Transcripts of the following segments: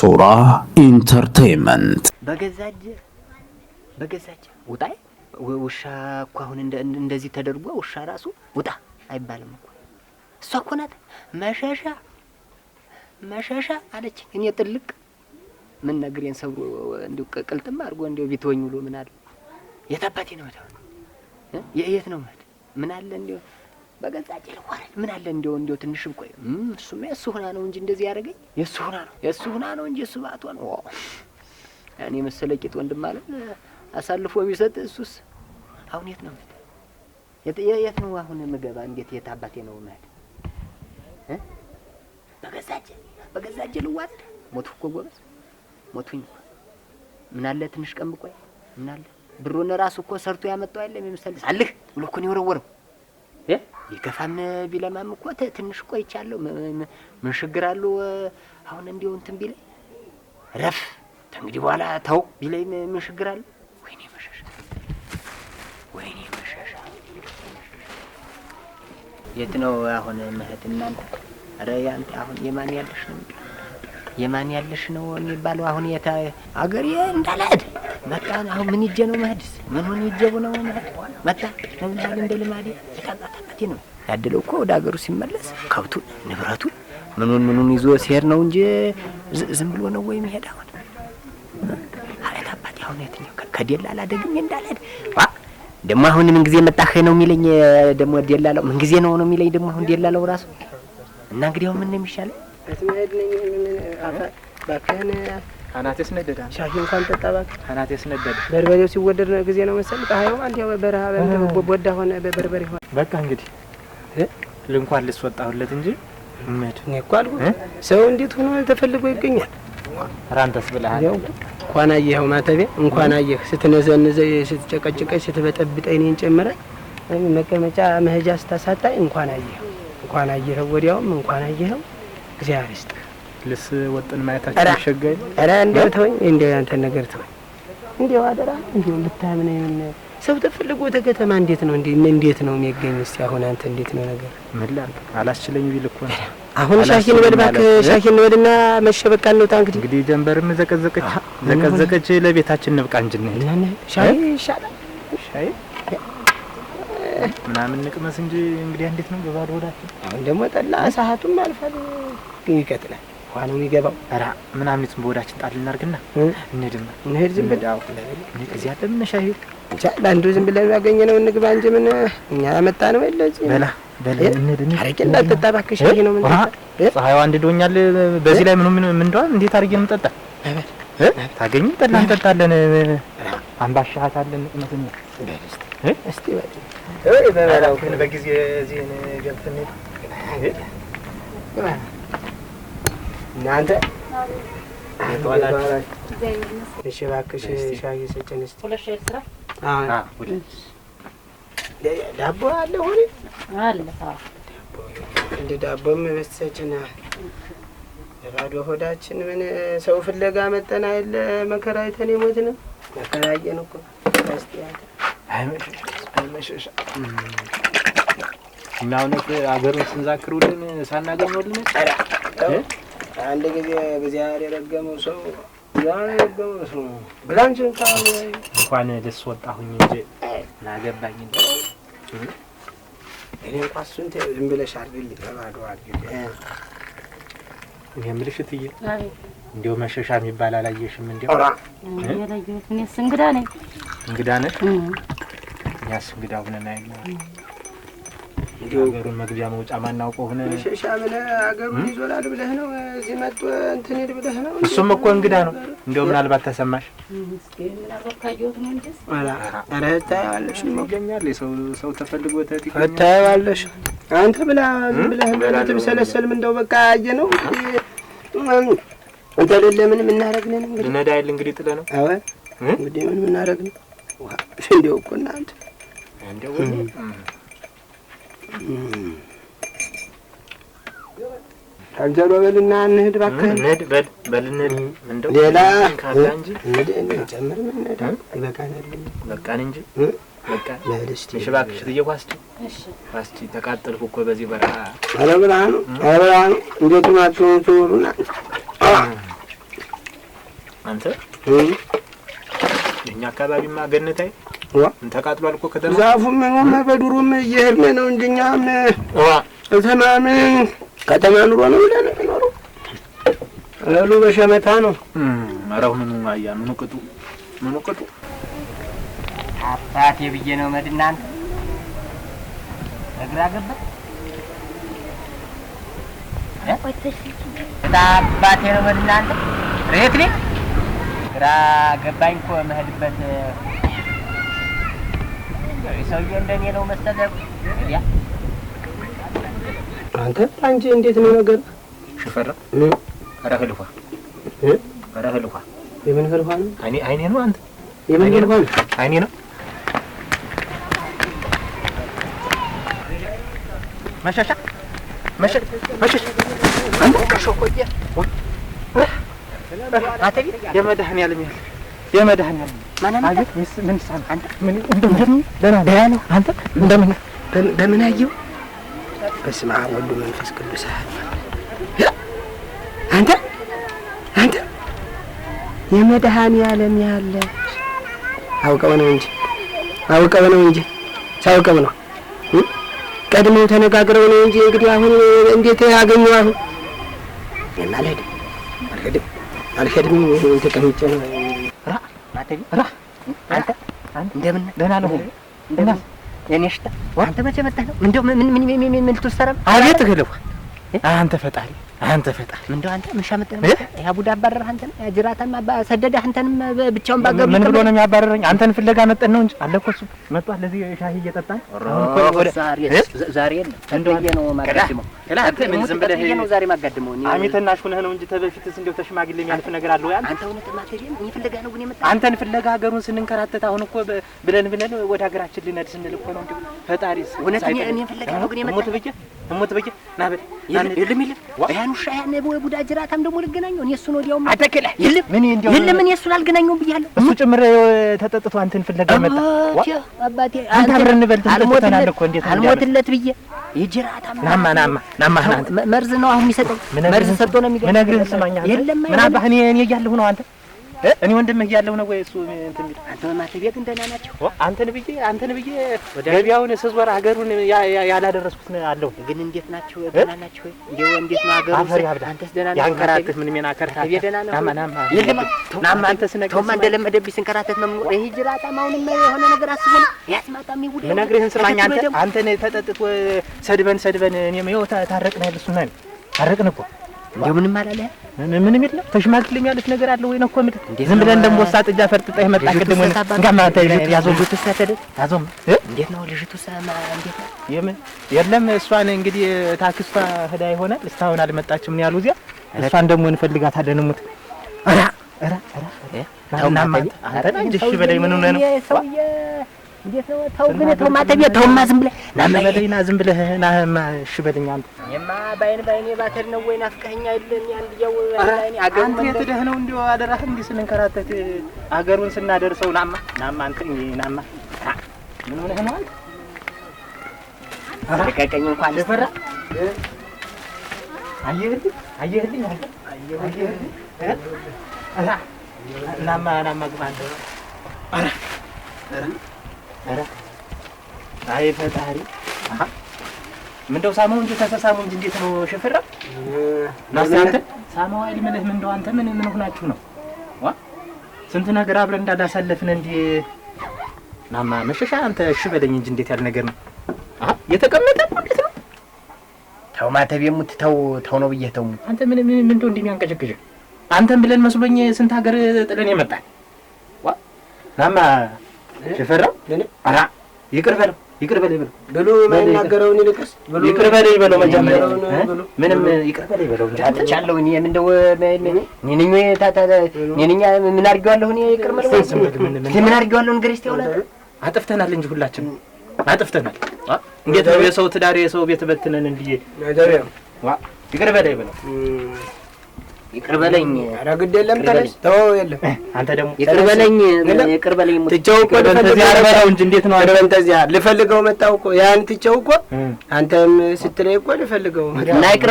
ሶራ ኢንተርቴይመንት በገዛጅ በገዛጅ ውጣ ውሻ እኮ አሁን እንደዚህ ተደርጎ ውሻ ራሱ ውጣ አይባልም እኮ። እሷ እኮ ናት መሸሻ መሸሻ አለች። እኔ ጥልቅ ምን ነግሬን ሰብሮ እንዲሁ ቅልጥም አድርጎ እንዲሁ ቢትወኝ ብሎ ምን አለ የታባቴ ነው የት ነው ምን አለ እንዲሁ በገዛ ጭል ወረድ ምን አለ እንደው እንደው ትንሽ ብቆይ እሱማ የእሱ ሁና ነው እንጂ እንደዚህ ያደረገኝ የእሱ ሁና ነው የእሱ ሁና ነው እንጂ እሱ ባቷ ነው ያኔ መሰለ ቂጥ ወንድም አለ አሳልፎ የሚሰጥ እሱስ አሁን የት ነው የት የት ነው አሁን የምገባ እንዴት የት አባቴ ነው ማለት በገዛ ጭል በገዛ ጭል ወረድ ሞቱ እኮ ጎበዝ ሞቱኝ ምን አለ ትንሽ ቀን ብቆይ ምን አለ ብሩን ራሱ እኮ ሰርቶ ያመጣው አይደለም የምሰልስ አልህ ብሎ እኮ ነው የወረወረው ይገፋም ቢለማም እኮ ትንሽ ቆይቻለሁ። ምን ችግር አለው? አሁን እንዲሁ እንትን ቢለኝ ረፍ ተንግዲህ በኋላ ተው ቢለኝ ምን ችግር አለው? ወይኔ መሸሻ፣ ወይኔ መሸሻ። የት ነው አሁን ምህት እናንተ? ኧረ ያንተ አሁን የማን ያለሽ ነው የማን ያለሽ ነው የሚባለው አሁን የታ አገር እንዳላድ መጣ። አሁን ምን ይጀ ነው መሀድስ ምን ሆን ይዤ ነው መሀድ መጣ። ለምሳሌ እንደ ልማዴ የታጣ ነው ያደለው እኮ ወደ አገሩ ሲመለስ ከብቱን ንብረቱን ምኑን ምኑን ይዞ ሲሄድ ነው እንጂ ዝም ብሎ ነው ወይ መሄድ? አሁን አቤት አባቴ አሁን የትኛው ከደላላ ደግሜ እንዳልሄድ ደግሞ አሁን ምን ጊዜ መጣህ ነው የሚለኝ? ደግሞ ደላላው ምን ጊዜ ነው ነው የሚለኝ? ደግሞ አሁን ደላላው ራሱ እና እንግዲህ አሁን ምን ነው የሚሻለው? አናቴ ስነደደ ሻሂ እንኳን ጠጣ እባክህ። አናቴ ስነደደ በርበሬው ሲወደድ ጊዜ ነው መሰል ጣሀዩ አንድ በረሃ ቦዳ ሆነ በርበሬ ሆነ። በቃ እንግዲህ ልንኳን ልስወጣሁለት እንጂ እምሄድ እኔ እኮ አልኩህ ሰው እንዴት ሆኖ ተፈልጎ ይገኛል። ራንተስ ብለሃል። እንኳን አየኸው ማተቤ፣ እንኳን አየህ ስትነዘንዘኝ፣ ስትጨቀጭቀኝ፣ ስትበጠብጠኝ እኔን ጨምረ መቀመጫ መሄጃ ስታሳጣኝ እንኳን አየኸው፣ እንኳን አየኸው፣ ወዲያውም እንኳን አየኸው። እግዚአብሔር ይስጥህ። ልስ ወጥን ማየታችን ይሸጋኝ። ኧረ እንደው ተወኝ፣ እንደው ያንተን ነገር ተወኝ፣ እንደው አደራ፣ እንደው ልታምን ሰው ተፈልጎ ተከተማ እንዴት ነው እንዴ እንዴት ነው የሚገኝ? እስቲ አሁን አንተ እንዴት ነው ነገር ምን ላድርግ? አላስችለኝ ቢል እኮ ነው። አሁን ሻኪን በል እባክህ፣ ሻኪን በልና መሸበቃ ነው ታንክ እንግዲህ ጀንበርም ዘቀዘቀች ዘቀዘቀች። ለቤታችን ንብቃ እንጂ ነው ሻይ ይሻላል። ሻይ ምናምን ንቅመስ እንጂ እንግዲህ እንዴት ነው በባዶ ሆዳችን። አሁን ደግሞ ጠላ ሰዓቱም አልፋል፣ ይቀጥላል ውሃ ነው የሚገባው። ኧረ ምናምኒቱን በወዳችን ጣል እናድርግና እንሄድማ እንሄድ ዝም ብለው እዚህ ያለ መነሻ ይሄድ ቻላ ለአንዱ ዝም ያገኘ ነው እንግባ እንጂ ምን እኛ ያመጣ ነው የለ እዚህ በላ አረቄ እንዳልጠጣ እባክሽ ነው ምን ፀሐይዋ አንድዶኛል። በዚህ ላይ ምኑ ምን እንደዋል እንዴት አድርጌ ነው የምጠጣ? ታገኝ ጠላ እንጠጣለን። አምባሻት አለን መተኛ እስቲ ወይ በጊዜ እዚህን ገብተን እናንተ እሺ፣ እባክሽ ሻይ ስጭን እስኪ። ዳቦ አለ ሆነ አለ እንደ ዳቦም በስተሰጭን ባዶ ሆዳችን ምን ሰው ፍለጋ መጠን አይደለ መከራ አይተን የሞትን መከራየን እኮ እና እውነት አገሩን ስንዛክሩልን ሳናገኘልን አንድ ጊዜ እግዚአብሔር የረገመው ሰው የረገመው ሰው ብላንችን እንኳን ደስ ወጣሁኝ እንጂ ናገባኝ እኔ እንኳ እሱን ዝም ብለሽ አድርግልኝ ተባዶ አድርግ። እኔ የምልሽ እትዬ እንዲያው መሸሻ የሚባል አላየሽም? እንዲያው እንግዳ ነኝ። እንግዳ ነሽ? እኛስ እንግዳ ሁነን አይደለም ሀገሩን መግቢያ መውጫ ማናውቅ ሆነ ሻምነ ሀገሩን ይዞላል ብለህ ነው እዚህ መጡ እንትን ሂድ ብለህ ነው። እሱም እኮ እንግዳ ነው። እንደው ምናልባት ተሰማሽ ታየዋለሽ፣ ይገኛል ሰው ተፈልጎ ታየዋለሽ። አንተ ብላ ዝም ብለህ ምናት ብሰለሰልም እንደው በቃ አየ ነው ተሌለ ምን የምናደርግ ነን እንግዲህ ልነዳ የለ እንግዲህ ጥለ ነው እንግዲህ ምን የምናደርግ ነው እንደው እኮ እናንተ ታልጀሎ በልና እንሂድ እባክህ፣ እንሂድ በል በል እንሂድ። እንደው ሌላ ካላ እንጂ እንሂድ እንጨምርም እንሂድ። ይበቃናል። በቃን እንጂ በቃ ለሄድ እስኪ። እሺ እባክሽ ልዬ ተቃጠልኩ እኮ በዚህ በረሃ። ኧረ ብርሃኑ ብርሃኑ እንዴት ናችሁ? ትውሉና አንተ እኛ አካባቢማ ገነታይ ተቃጥሏል እኮ ከተማ ዛፉ ምኑም በዱሩም እየሄድን ነው እንጂ እኛም እትማም ከተማ ኑሮ ነው ብለን የሚኖረው እህሉ በሸመታ ነው። ኧረ ምኑ አያ ምኑ ቅጡ ምኑ ቅጡ አባቴ ብዬ ነው መድናን እግራ ገባ አባቴ ነው መድናን ሬት እግራ ገባኝ እኮ መሄድበት ሰውዬው እንደኔ ነው መስተጋብ። አንተ አንቺ እንዴት ነው ነገር? ሽፈራ ኧረ እህል ውሃ ኧረ እህል ውሃ የምን እህል ነው? አይኔ አይኔ ነው አንተ የምን እህል ነው? አይኔ ነው መሸሻ መሸሻ መሸሻ አንተ ሾቆየ አተቢ የመድኃኔዓለም ያለ የመድኃኒዓለም አቤት። ምን ይሳል አንተ? ምን ነው በምን አየው? በስመ አብ ወወልድ ወመንፈስ ቅዱስ አንተ አንተ የመድኃኒዓለም ያለ አውቀው ነው እንጂ አውቀው ነው እንጂ ሳውቀው ነው ቀድመው ተነጋግረው ነው እንጂ እንግዲህ አሁን እንዴት አገኘው? አሁን አልሄድም አልሄድም አልሄድም ተቀምጬ ነው አትቢ አንተ እንደምን ደህና ነው? እንደምን የኔ ሽታ አንተ መቼ መጣህ ነው? እንደው ምን ምን ምን ምን ትሰራ? አቤት እህል አንተ ፈጣሪ አንተ ፈጣሪ እንደው አንተ ምን ያ ቡዳ አባረረህ አንተን፣ ያ ጅራታም ሰደደህ አንተንም፣ ብቻውን ባገሩ ምን ብሎ ነው የሚያባረረኝ? አንተን ፍለጋ መጠን ነው እንጂ አለ እኮ እሱ መጥቷል። ለዚህ ሻሂ እየጠጣ ዛሬ ማጋድመው። ነው እንጂ ተበፊትስ እንደው ተሽማግሌ የሚያልፍ ነገር አለው አንተ እውነት ማቴሪያል እኔ ፍለጋ ነው ግን የመጣ አንተን ፍለጋ ሀገሩን ስንንከራተት አሁን እኮ ብለን ብለን ወደ ሀገራችን ልነድ ስንል እኮ ነው። እንደው እውነት እኔ ፍለጋ ነው ግን የመጣ ና በል ሻያና የቦ ቡዳ ጅራታም ደግሞ ልገናኘው እኔ እሱን ወዲያውም አተከለ የለም ምን እንዲያው የለም እኔ እሱን አልገናኘውም ብያለሁ። እሱ ጭምር ተጠጥቶ አንተን ፍለጋ መጣ። አባቴ አንተ አብረን እንበል ተጠጥተናል እኮ እንዴት ነው አልሞትለት ብዬ የጅራታም ናማ ናማ ናማ ናንተ መርዝ ነው አሁን የሚሰጠኝ መርዝ ሰጥቶ ነው የሚገርምህ። ምን ነግርህ ስማኛ የለም ምን አባህ እኔ እያለሁ ነው አንተ እኔ ወንድምህ እያለሁ ነው ወይ እሱ እንትን ቢል አንተ በማተብ የት እንደና ናቸው። አንተን ብዬ አንተን ብዬ ገቢያውን ስዝወር ሀገሩን ያላደረስኩት አለሁ። ግን እንዴት ናቸው? ደህና ናቸው ወይ? እንደው እንዴት ነው ሀገሩ? አፈሪ አብዳ አንተስ ደህና ነው? ያንከራተት ምን ምን አከራተት ቤት ደህና ነው? ናማ ናማ ይልማ ናማ አንተስ ነገር ተውማ እንደለመደብኝ ስንከራተት ነው የምወጣው። ይሄ ጅራጣ ማሁንም የሆነ ነገር አስቦ ያስማጣ የሚውል ምነግርህን ስራ አንተ አንተን ተጠጥቶ ሰድበን ሰድበን እኔም ይኸው ታረቅናል። እሱና ታረቅን እኮ እንደው ምንም አላለ ምንም የለም። ተሽማግሌም ያሉት ነገር አለ ወይ ነው እኮ የምልህ። ዝም ብለን እንደ ወሳ ጥጃ ፈርጥጣ መጣ። ቅድም እንዴት ነው ልጅቱ? የምን የለም እሷን እንግዲህ ታክስቷ ህዳ ይሆናል። እስካሁን አልመጣችም ነው ያሉ እዚያ። እሷን ደግሞ እንፈልጋታለን። ሙት ኧረ ነው ኧረ እንዴት ነው? ተው ግን ተው፣ ማተብ ተውማ፣ ዝም ብለህ ናመደይና ዝም ብለህ ናህማ። እሺ በለኝ አንተ። እኔማ ባይን ባይኔ ባከድ ነው ወይ ናፍቀኸኝ አይደለም? አንድ ያው አይኔ አገር አንተ የትደህ ነው እንዴ? አደራህ እንዲህ ስንንከራተት አገሩን ስናደርሰው፣ ናማ ናማ፣ አንተ ናማ፣ ምን ሆነህ ነው? ልቀቀኝ። እንኳን ልፈራ አየህልኝ፣ አየህልኝ፣ አየህልኝ። ናማ ናማ፣ ግባ አንተ። ኧረ ኧረ ኧረ አይ ፈጣሪ! ምንደው ሳመው እንጂ ተሰሳሙ እንጂ እንዴት ነው ሽፍራ ናስ አንተ ሳመው አይል ምንህ ምንደው አንተ ምን ምን ሆናችሁ ነው? ዋ ስንት ነገር አብረን እንዳላሳለፍን እንዴ ናማ መሸሻ አንተ እሺ በለኝ እንጂ እንዴት ያለ ነገር ነው? አህ የተቀመጠ እንዴት ነው? ተው ማተብ የምትተው ተው ነው ብዬ ተው። አንተ ምን ምን ምንደው እንደሚያንቀጨቅጭ አንተም ብለን መስሎኝ ስንት ሀገር ጥለን የመጣን ዋ ናማ ሸፈራ አራ ይቅር በለው ይቅር በለኝ በለው ብሎ የማይናገረውን ይልቅስ ይቅር በለኝ በለው መጀመሪያ ምንም ይቅር በለኝ በለው እንጂ አጥቻለሁ። እኔ ምን ደው እኔ ነኝ ወይ ታታ እኔ ነኝ ምን አድርጌዋለሁ? እኔ ይቅር በለው ምን ምን አድርጌዋለሁ? ንገረኝ እስኪ ሆነ አጥፍተናል እንጂ ሁላችን አጥፍተናል። እንዴት ነው የሰው ትዳር የሰው ቤት በትነን እንዲህ ይቅር በለኝ በለው ይቅርበለኝ። በለኝ። ኧረ ግድ የለም ተለሽ ተው። የለም አንተ ደግሞ ይቅር በለኝ ትቼው እኮ ልፈልገው እንጂ እንዴት ነው አይደለም? ተዚያ ልፈልገው መጣሁ እኮ ያን ትቼው እኮ አንተም ስትለኝ እኮ ልፈልገው እና ይቅር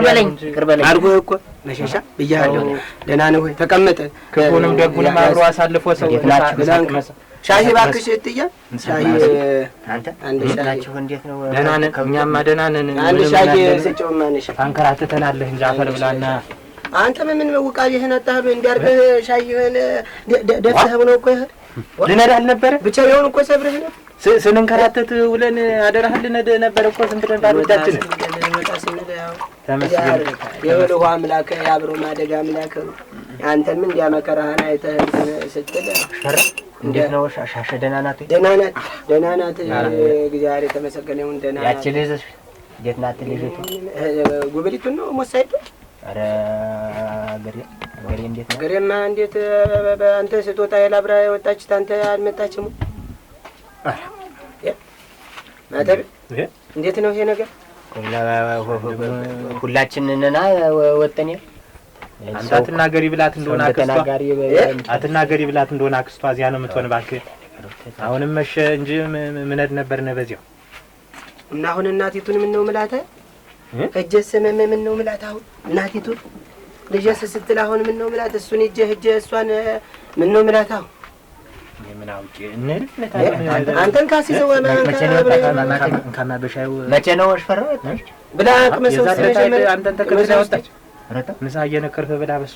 እኮ መሸሻ ብያለሁ። ደህና ወይ? ተቀመጠ ክፉንም ደጉንም አብሮ አሳልፎ ሰው ሻሂ እባክሽ እትዬ ሻሂ አንተ አንድ ሻሂ እንዴት ነው? ደህና ነን እኛማ ደህና ነን። አንድ ሻሂ እንጂ አፈር ብላና አንተ ምን መውቃቢህን አታህሉ እንዲያርገህ ሻይህን ደፍተህ ነው እኮ ይሄድ ልነዳህ አልነበረ ብቻ የሆን እኮ ሰብረህ ነው ስንንከራተት ውለን አደራህ ልነድህ ነበረ እኮ ዝም ብለን ባሉታችን ተመስገን የበልሁ አምላክ የአብሮ ማደግ አምላክ አንተም እንዲያ መከራህን አይተህ ስትል እንዴት ነው ሻሸ ደህና ናት ደህና ናት ደህና ናት። እግዚአብሔር የተመሰገነ ይሁን። ደህና ያቺ ልጅ እንዴት ናት? ልጅቱ ጉብሊቱን ነው ሞሳይቱ ገሬ ገሬ እንዴት ነው? ገሬማ እንዴት አንተ ስትወጣ የላብራ የወጣች አንተ አልመጣችም። ማተብ እንዴት ነው ይሄ ነገር? ሁላችንንና ወጥን አንተ አትናገሪ ብላት እንደሆነ አክስቷ አትናገሪ ብላት እንደሆነ አክስቷ እዚያ ነው የምትሆን። እባክህ አሁንም መሸ እንጂ ምነድ ነበር በዚያው እና አሁን እናቲቱን ምን ነው ምላተ እጀሰመመ ምን ነው ምላታ አሁን እናቲቱን ልጄስ ስትል አሁን ምን ነው ምላት? እሱን ሂጅ ሂጅ እሷን ምን ነው ምላት? አሁን አንተን ካስይዘው መቼ ነው ወሽፈራ ብላ አንተን ምሳ እየነከርክ ብላ በሱ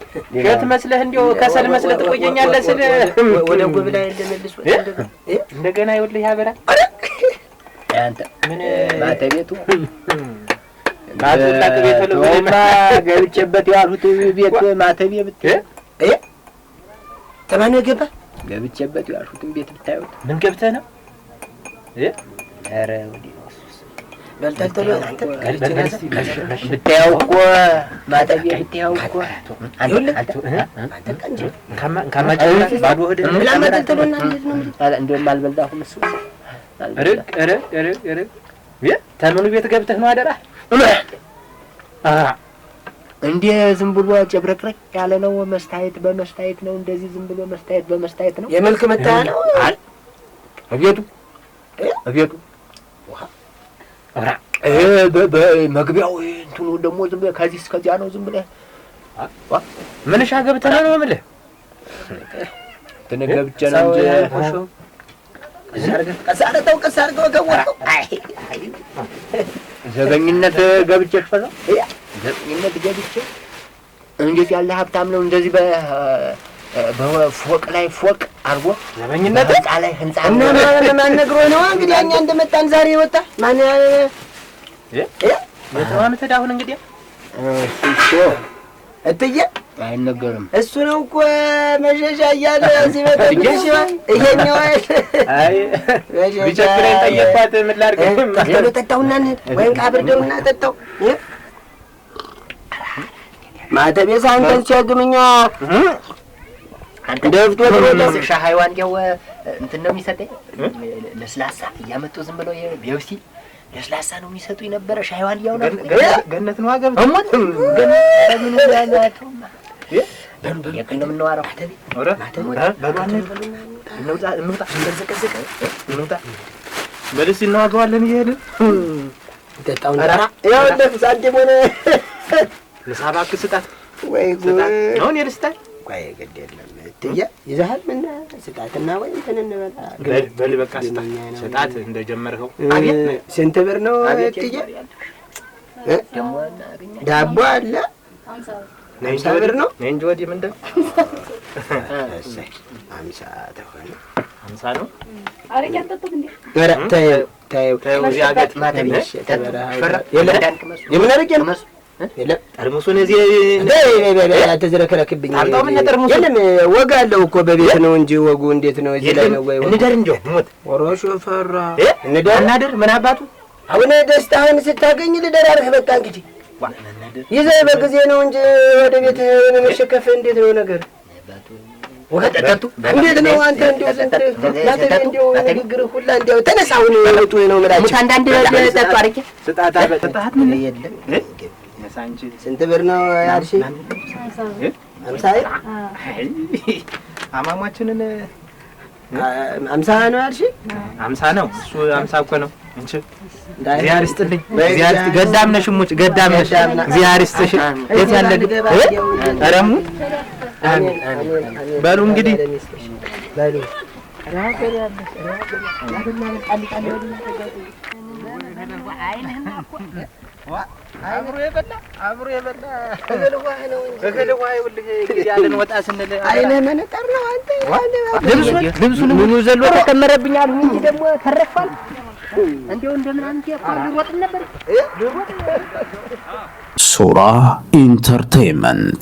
ሸት መስለህ እንዲያው ከሰል መስለህ ትቆየኛለህ ስል ወደ ጉብ ላይ እንደመልስ እንደገና ይኸውልህ ያበራል። ምን ማተ ቤቱ ማቱላቅቤተለማ ገብቼበት ያሉት ቤት ማተቤ ብታይ ተማን ገባ ገብቼበት የዋልሁትን ቤት ብታዩት ምን ገብተህ ነው? ኧረ ወዲህ ብታየው ተምኑ ቤት ገብተህ ነው አደራ። እንዴ ዝም ብሎ ጨብረቅረቅ ያለ ነው። መስታየት በመስታየት ነው እንደዚህ ዝም ብሎ መስታየት በመስታየት ነው። የመልክ መታያ ነው። አይ እቤቱ እቤቱ መግቢያው እንትኑ ደግሞ ዝም ብለህ ከዚህ እስከዚያ ነው። ዝም ብለህ ምንሻ ገብተህ ነው የምልህ። እንትን ነው እንጂ ዘበኝነት ገብቼ ሽፈዛው ዘበኝነት ገብቼ እንዴት ያለ ሀብታም ነው እንደዚህ በፎቅ ላይ ፎቅ አድርጎ ዘበኝነት ህንፃ ላይ ህንፃ እና ማን ነግሮ ነው እንግዲህ እኛ እንደመጣን ዛሬ ወጣ ማን የተዋምትድ ተዳሁን እንግዲህ እትዬ አይነገርም እሱ ነው እኮ መሸሻ እያለ እዚህ ይሄኛው ቃብር ደውና ማተቤ ሲያግምኛ እንደፍቶ ነው ሻህ ሃይዋንዴው እንትን ነው የሚሰጠኝ። ለስላሳ እያመጡ ዝም ብለው የቤብሲ ለስላሳ ነው የሚሰጡኝ ነበረ። ሻህ ሃይዋንዴው ነው ገነት ነው አገብ እሙት ገነት ምን ያላችሁ በደስ እናዋገዋለን እየሄድን ሳንቲም ሆነ ስጣት ወይ ጉድ ቆይ ግድ የለም እትዬ ይዘሃል። ምን ስጣትና ወይ እንትን እንበላ በል በቃ ስጣት እንደጀመርከው። ስንት ብር ነው እትዬ? ዳቦ አለ አምሳ ብር ነው እንጂ ወዲህ ምንድን አምሳ ተሆነ አምሳ ነው። ኧረ ተይው ተይው፣ እዚህ አገጥማት የለም የምን አረቄ ነው ጠርሙሱን እዚህ አትዝረከረክብኝ። የለም ወግ አለው እኮ በቤት ነው እንጂ ወጉ እንዴት ነው? እዚህ ላይ ነው ወይ እንደር እንጂ ሞት ወሮሽ ፈራ እንደር እናድር ምን አባቱ አሁን ደስታህን ስታገኝ ልደራርህ። በቃ እንግዲህ ይዘህ በጊዜ ነው እንጂ ወደ ቤት መሸከፍ እንዴት ነው ነገር? እንዴት ነው አንተ? እንደው ዘንድ ላተ እንደው ሁላ እንደው ተነሳውን ወጡ ነው ምላጭ አንዳንድ ጠጡ አርቄ ስጣታ የለም ስንት ብር ነው ያልሽ? አምሳ አማሟችንን አምሳ ነው ያልሽ? አምሳ ነው እሱ አምሳ እኮ ነው። እንቺ እግዚአብሔር ይስጥልኝ። እግዚአብሔር ገዳም ነሽ እሙጭ፣ ገዳም ነሽ። እግዚአብሔር ይስጥሽ። የት ያለ ኧረ በሉ እንግዲህ በሉ አብሮ የበላ አብሮ የበላ ወጣ ስንል አይነ መነጠር ነው። አንተ ልብሱን ምኑ ዘሎ ተከመረብኝ አልሁ ደግሞ ተረፏል። እንዲያው እንደምን አንተ ልሮጥ ነበር ሱራ ኢንተርቴይመንት